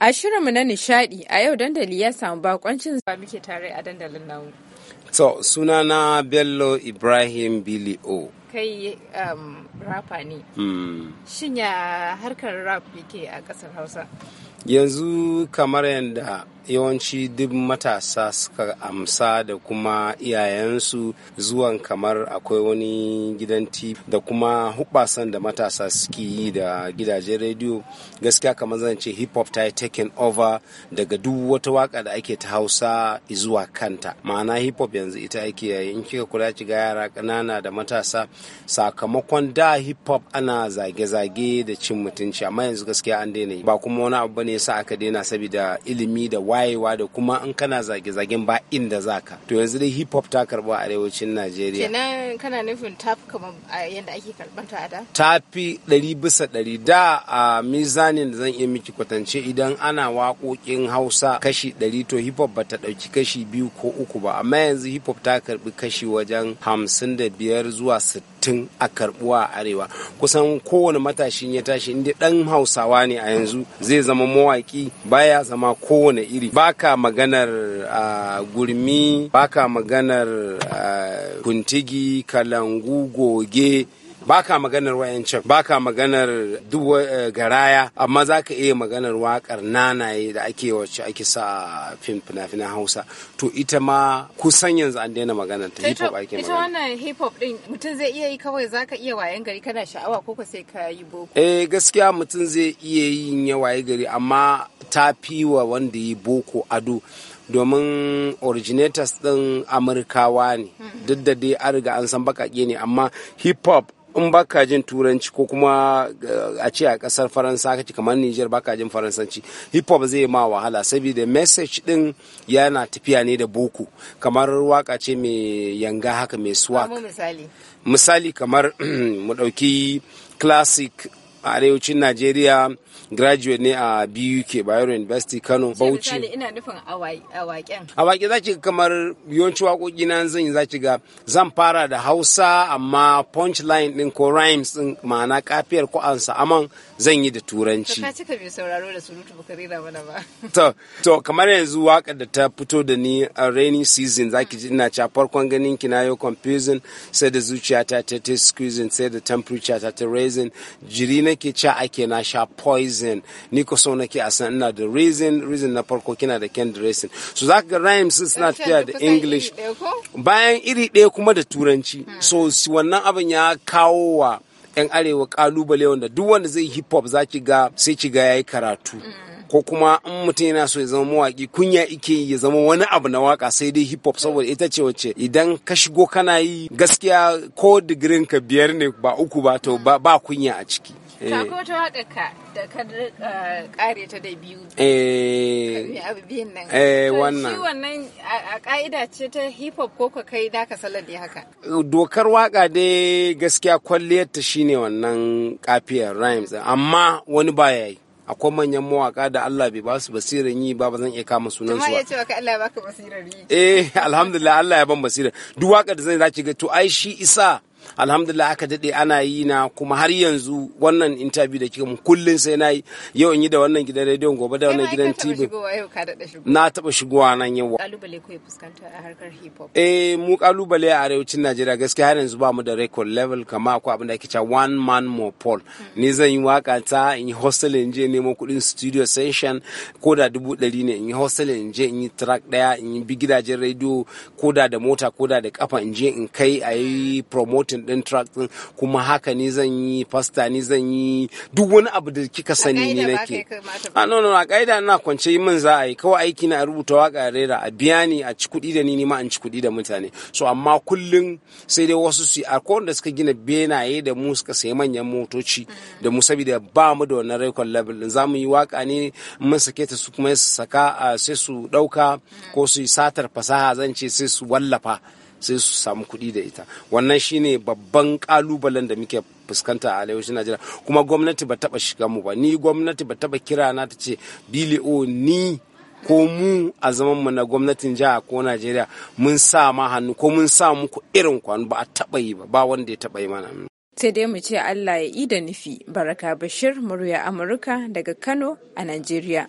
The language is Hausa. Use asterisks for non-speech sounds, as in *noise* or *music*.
A shirinmu na nishadi a yau dandali ya samu bakoncin ba muke tare a dandalin nan. So sunana Bello Ibrahim Billy O. Kai um, rapa ne. Mm. Shin harkar rap yake a ƙasar Hausa? Yanzu kamar yadda yawanci duk matasa suka amsa da kuma iyayensu zuwan kamar akwai wani gidan tv da kuma hubasan da matasa suke yi da gidajen rediyo gaskiya kamar zan ce hip hop ta yi taken over daga duk wata waka da ake ta hausa zuwa kanta ma'ana hip hop yanzu ita ake yayin kika kula ga yara ƙanana da matasa sakamakon da hip hop ana zage-zage da cin mutunci amma yanzu gaskiya an daina ba kuma wani abu bane yasa aka daina saboda ilimi da wayewa da kuma in kana zage-zagen ba inda ka to yanzu dai hip hop ta karba a arewacin najeriya kenan kana nufin tafi kamar yadda ake karɓar ta da tafi ɗari bisa ɗari da a mizanin da zan iya miki kwatance idan ana waƙoƙin hausa kashi ɗari to hip hop bata ɗauki kashi biyu ko uku ba amma yanzu hip hop ta karbi kashi wajen hamsin da biyar zuwa sittin tun a karbuwa a arewa kusan kowane matashin ya tashi inda dan hausawa ne a yanzu zai zama mawaki baya zama kowane iri baka maganar gurmi baka maganar kuntigi kalangu goge baka maganar wayancan baka maganar duwa eh, garaya amma za ka iya maganar wakar nanaye da ake wacce ake sa fim fina-finan hausa to ita ma kusan yanzu an daina maganar ta hip hop ake magana ita wannan hip hop din mutum zai iya yi kawai za ka iya wayan gari kana sha'awa ko sai ka yi boko eh gaskiya mutum zai iya yin ya waye gari amma ta fi wa wanda yi boko ado domin originators din amurkawa ne duk da dai an riga an san bakake ne amma hip hop in baka jin turanci ko kuma eh, a ce a kasar faransa kake kamar niger baka jin faransanci hip hop zai ma wahala saboda message din yana tafiya ne da boko kamar waka ce mai yanga haka mai swag misali kamar *clears throat* mu dauki classic a arewacin najeriya graduate ne a buk bayero university kano bauchi ina nufin awaken za ki kamar yawanci waƙoƙi na zan yi ki ga zan fara da hausa amma punchline din ko rhymes din ma'ana kafiyar ko ansa aman zan yi da turanci ka cika bai sauraro da surutu ba rera mana ba *laughs* to to kamar yanzu waƙar da ta fito da ni a rainy season zaki ji ina cha farkon ganin ki na yo confusing sai da zuciyata ta ta squeezing sai da temperature ta ta raising jiri na ake cewa ake na sha poison ni ko so nake a san ina da reason reason na farko kina da kind reason so za ka ga rhymes suna tafiya da english bayan iri ɗaya kuma da turanci hmm. so wannan abin ya kawo wa 'yan arewa kalubale wanda duk wanda zai hip hop za ki ga sai ki ga yayi karatu hmm. ko kuma in mutum yana so ya zama mawaki kunya ike ya zama wani abu na waka sai dai hip hop hmm. saboda ita ce wacce idan ka shigo kana yi gaskiya ko digirin ka biyar ne ba uku ba to ba kunya a ciki Eh. ta ko ta waka ka da ka kare ta da biyu eh abu biyun nan eh wannan shi wannan a ka'ida ce ta hip hop ko ka kai da ka salade haka dokar waka dai gaskiya kwalliyar ta shine wannan kafiyar rhymes amma wani baya yi akwai manyan mawaka da Allah bai ba su basirar yi ba ba zan iya kama sunan su ba. cewa ka Allah ya baka basirar yi. Eh *laughs* alhamdulillah Allah ya ban basirar. Duk waka da zan zaki ga to ai shi isa alhamdulillah aka daɗe ana yi na kuma har yanzu wannan interview da kika mu kullun sai na yi yau in yi da wannan gidan rediyon gobe da wannan gidan tv na taɓa shigowa nan yau kalubale fuskantar a harkar hip hop eh mu kalubale a arewacin najeriya gaskiya har yanzu ba mu da record level kama akwai abin da ake cewa one man more paul hmm. ni zan yi waka ta in yi hostel in je nemo kuɗin studio session ko da dubu ɗari ne in yi hostel in je in yi track ɗaya in yi bi gidajen rediyo ko da da mota ko da da kafa in je in kai a yi hmm. promoting din track din kuma haka ni zan yi pasta ni zan yi duk wani abu da kika sani ni nake a ah, no no a kaida ina kwance min za a yi kawai aiki na rubuta waka rera a biya ni a ci kuɗi da ni ni ma an ci kuɗi da mutane so amma kullum sai dai wasu su a da suka gina benaye da mu suka sayi manyan motoci da mu saboda ba mu da wannan record level din za mu yi waka ne mun sake ta su kuma su saka ah, sai su ɗauka ko su yi satar fasaha zan ce sai su wallafa sai su samu kuɗi da ita wannan shine babban kalubalen da muke fuskanta a arewacin najeriya kuma gwamnati ba taba shiga mu ba ni gwamnati ba taba kira na ta ce bilio ni ko mu a zaman mu na gwamnatin jiha ko najeriya mun sa ma hannu ko mun sa muku irin kwanu ba a taba yi ba ba wanda ya taba yi mana sai dai mu ce allah ya yi da nufi baraka bashir murya amurka daga kano a najeriya